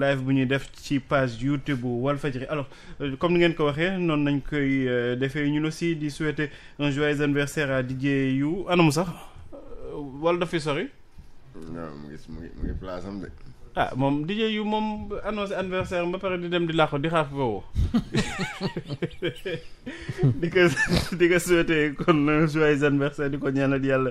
live bu ñuy def ci page YouTube faj Walfadjri alors euh, comme ni ngeen ko waxee noonu nañ koy euh, defee ñu aussi di souhaiter un joyeux anniversaire à DJ yu anam sax euh, wala daf fi sori. non mu ngi mu ngi place am de. ah moom DJ yu moom annoncé anniversaire ba pare di dem di làqu di xaar ko di ko di ko souhaité kon joyeux anniversaire di ko ñaanal yàlla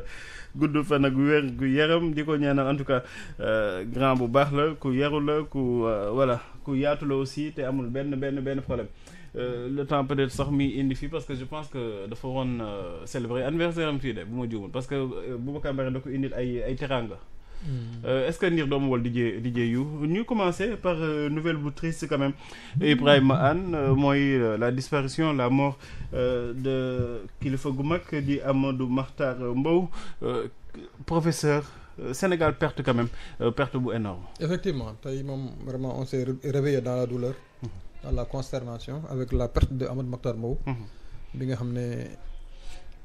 gudd fan ak wér gu yaram di ko ñaanal en tout cas euh, grand bu baax la ku yaru la ku euh, voilà ku yaatu la aussi te amul benn benn benn problème euh, le temps peut-être sax mi indi fii parce que je pense que dafa waroon célébrer anniversaire am fii de bu ma juumul parce que Boubacar Mbare da ko indil ay ay teraanga. Mm. Euh, est-ce que Ndir doomu wol DJ DJ yu ñu commencer par euh, nouvelle bu triste quand même mm. Ibrahima Anne euh, mooy la disparition la mort de kilifa gu mag di Amadou Mahtar Mbow professeur Sénégal perte quand même perte bu énorme effectivement tey moom vraiment on s'est réveillé dans la douleur mm-hmm. dans la consternation avec la perte de Amadou Mahtar Mbow mm-hmm. bi nga xam ne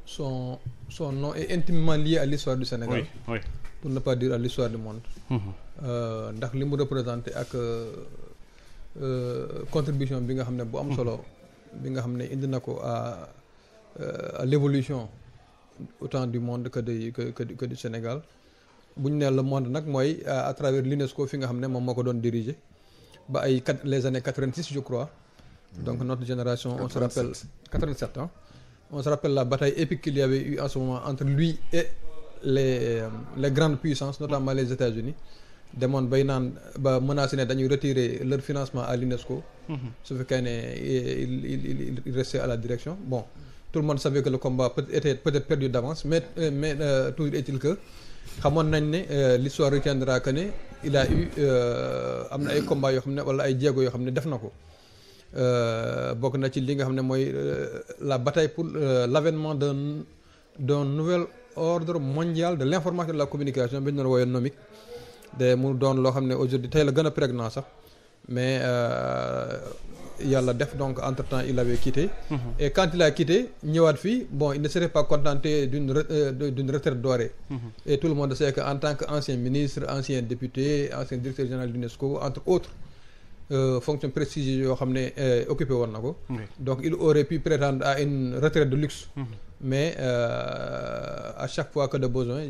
so son no est intimement lié à l'histoire du Sénégal. Oui, oui. pour ne pas dire à l'histoire du monde. Mhm. Euh, ndax li mu représenté ak euh, euh, contribution bi nga xam ne bu am mhm. solo. bi nga xam ne indi na ko à l'évolution autant du monde que du que que du, que du Sénégal bu ñu nee le monde nag mooy à travers l'UNESCO fi nga xam ne moom moo ko doon diriger ba ay les années quatre-vingt-six je crois. donc mhm. notre génération on se rappelle quatre-vingt-sept ans. on se rappelle la bataille épique qu'il y avait eu à ce moment entre lui et les euh, les grandes puissances les États-Unis demoon bay naan ba menacé ne dañuy retirer leur financement à l'UNESCO mhm. su fekkee ne il il à la direction bon tout le monde savait que le combat peut était peut-être perdu d'avance mais euh, mais euh, toujours est-il que xamoon nañ ne euh, l'histoire retiendra que ne il a eu am na ay combats yoo xam ne wala ay jéego yoo xam ne def na ko Euh, bokk na ci li nga xam ne mooy euh, la bataille pour euh, l'avènement de d'un nouvelle ordre mondial de l'information de la communication bi ñu doon loo xam ne aujourd'hui tey la gën a prégnant sax mais yàlla def donc entre temps il avait quitté mm-hmm. et quand il a quitté ñëwaat fii bon il ne serait pas contenté du d'une retraite dorée mm-hmm. et tout le monde sait en tant que ancien ministre ancien député ancien directeur général d'UNESCO entre autres Euh, fonction prestigieuse yoo xam ne euh, occupé woon na ko. donc il aurait pu prétendre à une retraite de luxe. Mm-hmm. mais euh, à chaque fois que de besoin.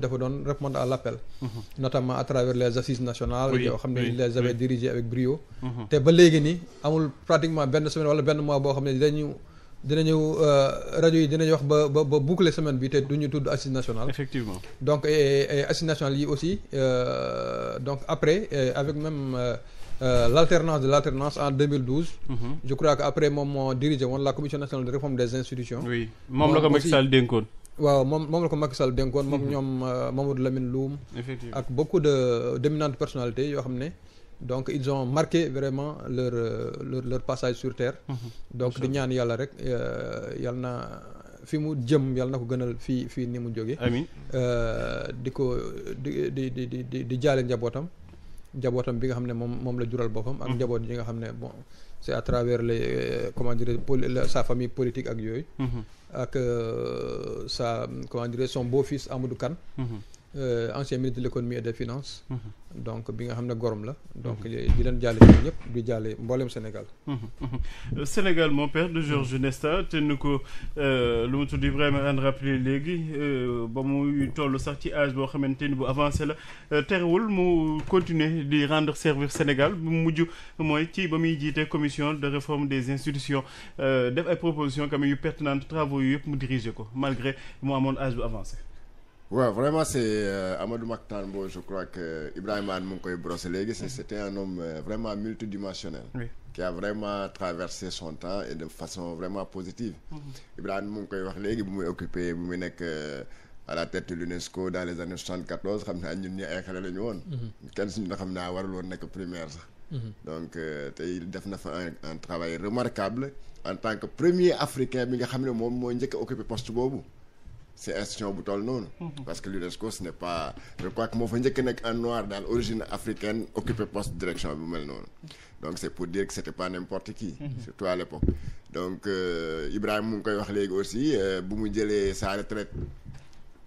dafa doon répondre à l'appel. Mm-hmm. notamment à travers les assises nationales. yoo xam ne les avaient dirigé avec brio. Mm-hmm. te ba léegi nii amul pratiquement benn semaine wala benn mois boo xam ne dañu. dinañu rajo yi dinañu wax ba ba ba boucler semaine bi te duñu tudd assise nationale. effectivement donc et assise nationale yi Euh, l'alternance de l'alternance en 2012. Mm -hmm. je crois que après moom moo dirigé woon la commission nationale de réforme des institutions. moom la ko Macky Sall dénkoon. moom moom la ko Macky Sall dénkoon moom mhm. ñoom euh, Mamadou Lamine Loum. effectivement ak beaucoup de euh, dominantes personnalités yoo xam ne. donc ils ont marqué vraiment leur euh, leur, leur passage sur terre. Mhm. donc di ñaan yàlla rek yàlla na fi mu jëm yàlla na ko gënal fii fii ni mu jógee. amiin di ko di di di di di jaale njabootam. njabootam bi nga xam ne moom moom la jural boppam ak mm. njaboot yi nga xam ne bon c'est à travers les euh, comment dirais sa famille politique ak yooyu mm-hmm. ak euh, sa comment dirais son beau-fils Amadou Euh, ancien ministre de l'économie et des finances mhm. donc bi nga xam ne gorom la donc mhm. di leen jaale ñoom ñëpp di jaale mboolem Sénégal mhm. Sénégal mon père de Georges Nesta te nu ko euh, lu mu tudd Ibrahima an rappelé léegi euh, ba muy toll sax ci âge boo xamante ni bu avancé la terewul mu continuer di rendre service Sénégal bu mujj mooy ci ba muy jiite commission de réforme des institutions def ay propositions quand même yu pertinentes travaux yu yëpp mu diriger ko malgré moo amoon âge bu avancé waaw vraiment c' est euh, Amadou Mahtar Mbow je crois que Ibrahima mu ngi koy brosser léegi si était un homme euh, vraiment multidimensionnel. Oui. qui a vraiment traversé son temps et de façon vraiment positive. Mm-hmm. Ibrahima mu ngi koy wax léegi bu muy occupé bu muy nekk euh, à la tête de l'UNESCO dans les années 74 xam naa ñun ñi ay xale la ñu woon. Mm-hmm. kenn suñu na xam naa war woon nekk première sax. Mm-hmm. donc euh, tey def na fa un un travail remarquable en tant que premier africain bi nga xam ne moom moo njëkk a occupé poste si institution bu toll noonu. Mhm. parce que l'UNESCO ce n'est pas je crois que moo fa njëkk nekk en noir daal origine africaine occupé poste direction bi mel noonu. donc c'est pour dire que c'était pas n'importe qui. Mhm. surtout à l'époque donc euh, ibrahim mu ngi koy wax léegi aussi euh, bu mu jëlee sa retraite.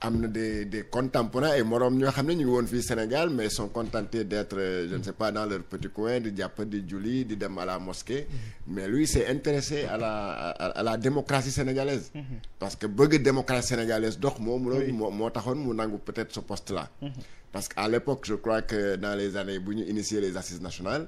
am na des des contemporains ay moroom ñoo xam ne ñu woon fii Sénégal mais sont contentés d'être euh, je ne sais pas dans leur petit coin di jàpp di julli di dem à la mosquée mm-hmm. mais lui s'est intéressé à la à, à la démocratie sénégalaise mm-hmm. parce que bëgg démocratie sénégalaise dox moom loolu moo moo taxoon mu nangu peut-être ce poste là mm-hmm. parce que à l'époque je crois que dans les années bu ñu initier les assises nationales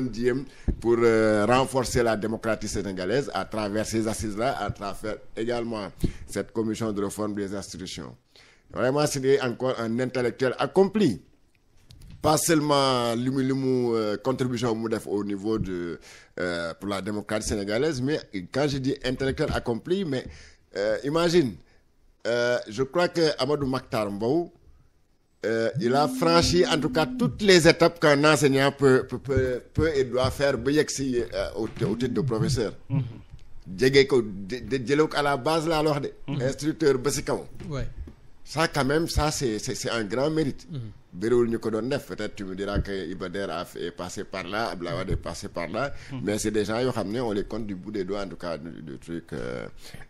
doon jéem pour euh, renforcer la démocratie sénégalaise à travers ces assises-là à travers également cette commission de réforme des institutions vraiment c'est un intellectuel accompli pas seulement li mu li mu contribution mu def au niveau de euh, pour la démocratie sénégalaise mais quand je dis intellectuel accompli mais euh, imagine euh, je crois que Amadou Maktar Mbow Euh, il a franchi en tout cas toutes les étapes qu'un enseignant peut, peut, peut, et doit faire ba yegg si euh, au de professeur mm-hmm. jege ko jële ko à la base laa la wax de mm-hmm. instructeur ba si kaw ça quand même ça c'est c'est c'est un grand mérite mm-hmm. bëriwul ñu ko doon def peut-être tu me diras que par là Abdoulaye Wade est passé par là mais c'est des yoo xam ne on les compte du bout des doigts en tout cas du, truc euh,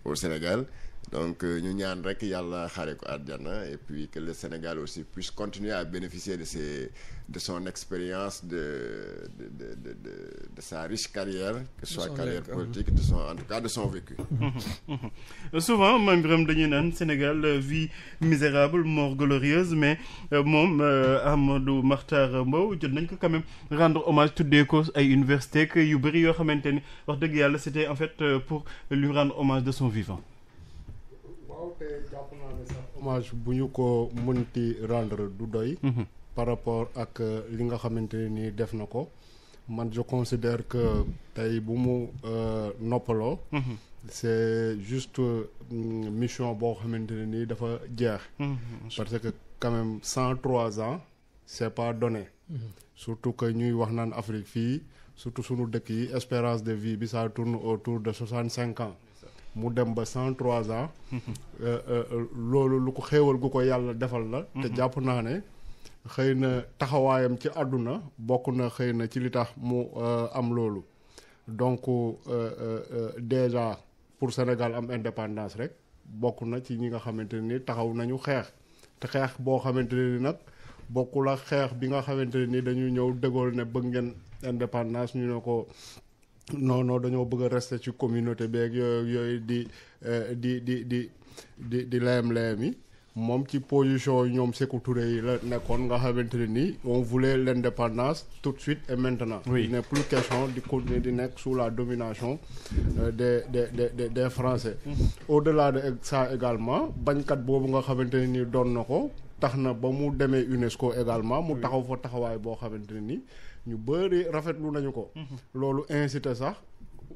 au Sénégal donc euh, ñu ñaan rek yàlla xaare ko àjjana et puis que le Sénégal aussi puisse continuer à bénéficier de ses de son expérience de de de de de, de sa riche carrière que ce soit carrière politique de son en tout cas de son vécu souvent Mame Birame dañuy naan Sénégal vie misérable mort glorieuse mais euh, moom euh, Amadou Makhtar Mbow jot nañ ko quand même rendre hommage tuddee ko ay université que yu bëri yoo xamante ni wax dëgg yàlla c'était en fait pour lui rendre hommage de son waaw te bu ñu ko mënti rendre du doy. Mhm. par rapport ak euh, li nga xamante ne nii def na ko man je considère que tey bu mu euh, noppaloo. Mhm. c'est juste euh, mission boo xamante ne nii dafa jeex. Mhm. parce que quand même cent trois ans c'est pas donné. surtout que ñuy wax naan Afrique fii surtout sunu dëkk yi espérance de vie bi ça tourne autour de soixante cinq ans. mu dem ba cent trois ans euh, euh, loolu lu ko xéewal gu ko yàlla defal la te jàpp naa ne xëy na taxawaayam ci àdduna bokk na xëy na ci li tax mu euh, am loolu donc déjà pour Sénégal am indépendance rek bokk na ci ñi nga xamante ni taxaw nañu xeex te xeex boo xamante ne ni nag bokkul ak xeex bi nga xamante ne ni dañu ñëw dëggool ne bëgg ngeen indépendance ñu ne ko non dañoo bëgg a rester ci communauté beeg yooyu yooyu di eh, di di di di di layam-layam yi moom ci position ñoom Sékou yi la nekkoon nga xamante ne nii on voulait l'indépendance tout de suite et maintenant oui. il n'est plus question di continuer di nekk sous la domination euh, de des des des Français mm-hmm. au-delà de ça également bañkat boobu nga xamante ne nii doon na ko tax na ba mu demee UNESCO également mu taxaw fa taxawaay boo xamante ne nii ñu bëri rafetlu nañu ko. Mhm. loolu incité sax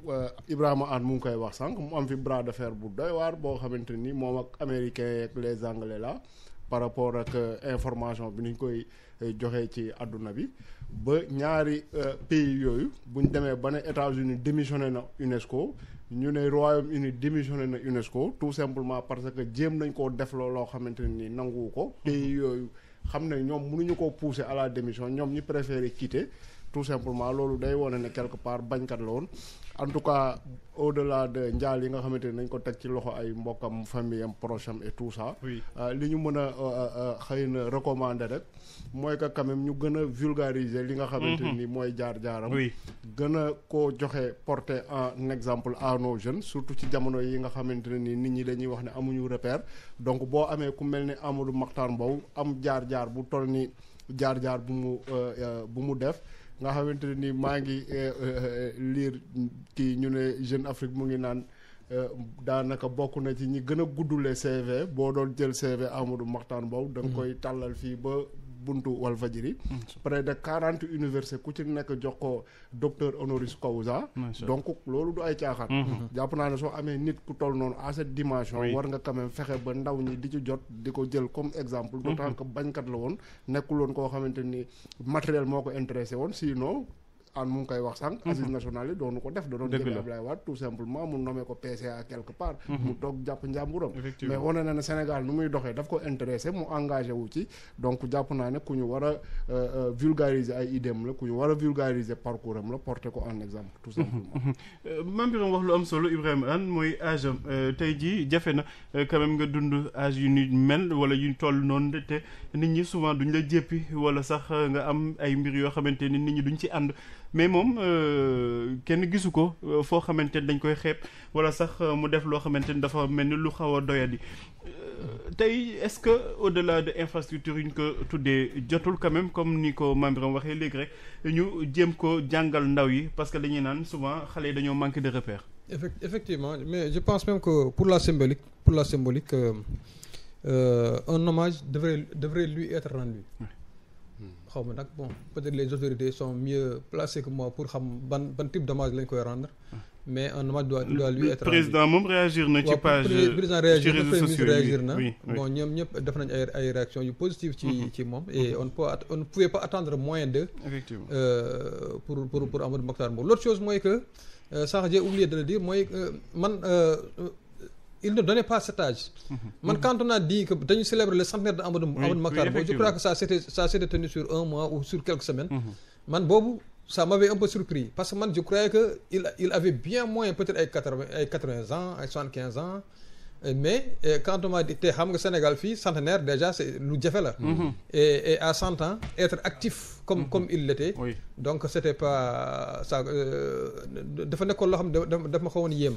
euh, Ibrahima Anne mu ngi koy wax sànq mu am fi bras de fer bu doy boo xamante ni moom ak américain yeeg les anglais la par rapport ak euh, information bi niñ koy euh, joxee ci àdduna bi ba ñaari pays yooyu buñ demee ba ne États-Unis démissionné na UNESCO. ñu ne Royaume-Uni démissionné na UNESCO tout simplement parce que jéem nañ koo def loo loo xamante ni nanguwu ko. Mhm. pays yooyu. xam ne ñoom mënuñu koo pousser à la démission ñoom ñi préféré quitter tout simplement loolu day wone ne quelque part bañkat la woon en tout cas au delà de njaal yi nga xamante ni nañ ko teg ci loxo ay mbokkam famille am proche am et tout ça. Euh, li ñu mën a euh, euh, xëy na recommander rek mooy que quand même ñu gën a vulgariser. li nga xamante mhm. ni mooy jaar jaaram. gën a koo joxe porté en exemple à nos jeunes surtout ci jamono yi nga xamante ne ni nit ñi dañuy wax ne amuñu repère donc boo amee ku mel ni Amadou Makhtar Mbow am jaar jaar bu toll ni jaar jaar bu mu bu mu def. nga xamante ni maa ngi eh, eh, liir kii ñu ne Jeune Afrique mu ngi naan eh, daanaka bokk na ci ñi gën a guddule CV boo doon jël CV Amadou Mahtar Mbow da mm-hmm. koy tàllal fii ba buntu Walfadjri mm, près de quarante universités ku ci nekk jox ko docteur honoris causa donc loolu du ay caaxaan mm-hmm. jàpp naa ne soo amee nit ku toll noonu à cette dimension war nga quand fexe ba ndaw ñi di ci jot di ko jël comme exemple mm-hmm. d'autant que bañkat la woon nekkuloon koo xamante ni matériel moo ko intéressé woon sinon an mu ngi koy wax sànq assises mhm. nationales yi doonu ko def da doon jël Abdoulaye Wade tout simplement mu nommé ko PCA quelque part mhm. mu toog jàpp njàmburam mais wane na ne Sénégal nu muy doxee daf ko intéressé mu engagé wu ci donc jàpp naa ne ku ñu war a euh, euh, vulgariser ay la ku ñu war a vulgariser parcours am la porté ko en exemple tout simplement mhm. euh, maam bi wax lu am solo Ibrahima Anne mooy âge tey jii jafe na quand nga dund âge yu ni mel wala yu toll noonu te nit ñi souvent duñ la jéppi wala sax nga am ay mbir yoo xamante ni nit ñi duñ ci ànd mais moom euh, kenn gisu ko euh, foo xamante ni dañ koy xeeb wala sax euh, mu def loo xamante ni dafa mel ni lu xaw a doyadi tey est-ce que au-delà de infrastructure yu ñu ko tuddee jotul quand même comme ni ko membre am waxee léegi rek ñu jéem ko jàngal ndaw yi parce que dañuy naan souvent xale yi dañoo manque de repères. effectivement mais je pense même que pour la symbolique pour la symbolique euh, euh, un hommage devrait devrait lui être rendu. xaw ma nag bon peut-être les autorités sont mieux placées que moi pour xam ban ban type d'hommage lañ koy rendre. mais un hommage doit doit lui être président moom réagir na ci président réagir na bon ñoom ñëpp def nañ ay réaction yu positive ci mhm. ci moom on ne pouvait pas attendre moins de euh, pour pour pour Amadou Mokhtar Mbow l'autre chose mooy que euh, sax j'ai de le dire mooy euh, man il ne donnait pas cet mhm. man quand on a dit que dañu célébrer le centenaire de Amadou Amadou Makar Mbow je mhm. boobu ça m'avait un peu surpris parce que man je croyais que il il avait bien moins peut-être ay quatre-vingts ay quatre ans ay soixante mais quand on te xam nga Sénégal fii centenaire déjà c'est lu jafe la. Mhm. et à cent ans être actif. comme comme il l'était oui. donc c'était pas ça euh, dafa nekkoon loo xam ne dafa ma xawoon yéem.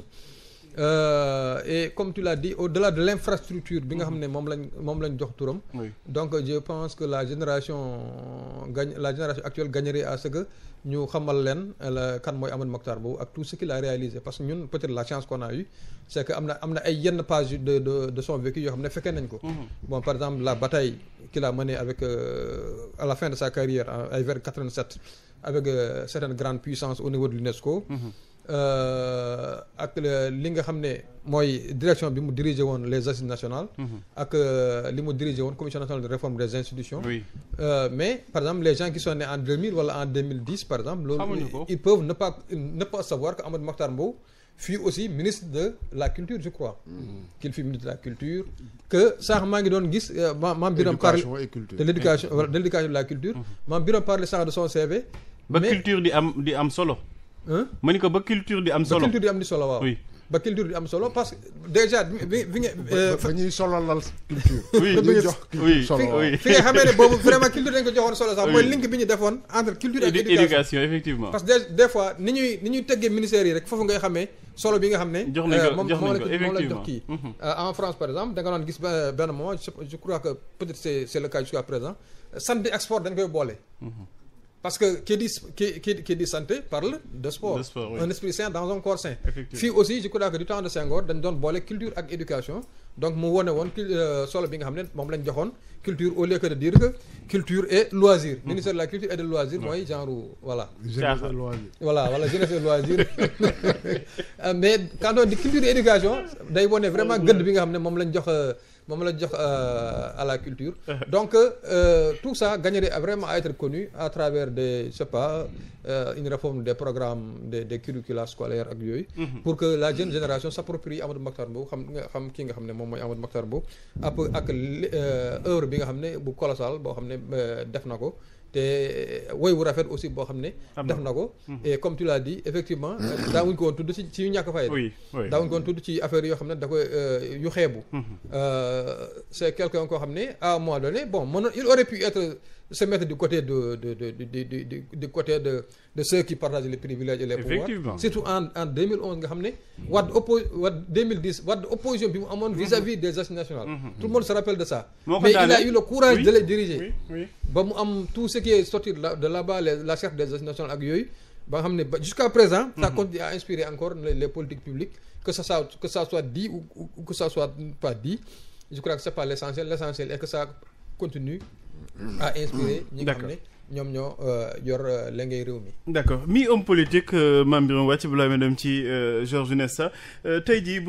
Euh, et comme tu l'as dit au-delà de l'infrastructure bi nga xam mhm. ne moom lañ moom lañ jox turam donc je pense que la génération gagne la génération actuelle gagnerait à ce que ñu xamal leen euh, kan mooy Amadou Mokhtar boobu ak tout ce qu'il a réalisé parce que ñun peut-être la chance qu'on a c'est que am na am na ay yenn page de son vécu yoo xam ne fekkee nañ ko mhm. bon par exemple la bataille qu'il a menée avec euh, la fin de sa carrière ay vers 87 avec euh, certaines grandes puissances au niveau de l'UNESCO mm Euh, ak li nga xam ne mooy direction bi mu dirigé woon les assises nationales. Mhm. ak euh, li mu dirigé woon commission nationale de réforme des institutions. oui euh, mais par exemple les gens qui sont nés en 2000 wala en 2010 par exemple. loolu ils peuvent ne pas ne pas savoir que Amadou Mahtar Mbow. fii aussi ministre de la culture je crois. Mhm. qu'il fut culture. que sànq maa ngi doon gis ma maam Birame parle de l'éducation de l'éducation de la culture. Mhm. maam Birame parle sànq de son CV. ba culture am di am solo. ma ni ko ba culture di am solo ba culture di am solo parce que déjà bi nga. fa euh, ñuy solo fi culture dañ ko joxoon solo sax. mooy link bi ñu defoon entre culture ak éducation effectivement. parce que des fois ni ñuy ni ñuy teggee ministères yi rek foofu ngay xamee solo bi nga xam ne. jox nañ ko euh, jox kii. Euh, mhm. en France par exemple da nga gis benn moment je crois peut-être c'est c'est le cas jusqu'à présent sant export dañ koy boole. Mhm. parce que qui dit qui qui qui dit santé parle de sport. de sport oui. un esprit sain dans un corps sain. aussi je crois que du dañ doon boole culture ak éducation donc mu wane woon euh, solo bi nga xam ne moom lañ joxoon culture au lieu que de dire que culture et loisir. Mm-hmm. ministère la culture et de loisir mooy genre voilà. jeunesse et loisir voilà voilà jeunesse et loisir euh, mais quand on culture et éducation day wane vraiment gëdd bi nga xam ne moom lañ jox. Euh, moom la jox euh, à la culture donc euh, tout ça gagnerait vraiment à être connu à travers des je sais pas Euh, une réforme des programmes des des curricula scolaires ak yooyu. Mhm. pour que la jeune génération s'approprie Amadou Makhtar Mbow xam nga xam ki nga xam ne moom mooy Amadou Makhtar Mbow. ak ak euh, œuvre bi nga xam ne bu colossal boo xam ne euh, def na ko. wu rafet aussi boo xam ne. def na ko. Mhm. et comme tu l'as dit effectivement. daawuñu ko woon tudd ci ci ñàkk fayda. oui oui daawuñu tudd ci affaire yoo xam ne da koy yu xeebu. Mhm. c'est quelqu'un koo xam ne à un donné bon mënoon il aurait pu être. se mettre du côté de, de, de, de du côté de de ceux qui partagent les privilèges et les pouvoirs surtout en en nga xam ne Wade oppo Wade 2010 opposition bi mu amoon mhm. vis-à-vis des assises nationales mhm. tout le monde se rappelle de ça mais il a eu le courage de les diriger ba mu am tout ce qui est sorti de là-bas la charte des assises nationales ak yooyu ba nga xam ne ba jusqu'à présent ça mhm. continue à inspirer encore les politiques publiques que ça soit dit ou que ça soit pas a ah, inspiré hmm. ñi nga ñoom ñoo euh, yor euh, la ngay réew mi d' accord mi homme politique euh, Mame Birame Wathie balaa may dem ci Georges Nesta tey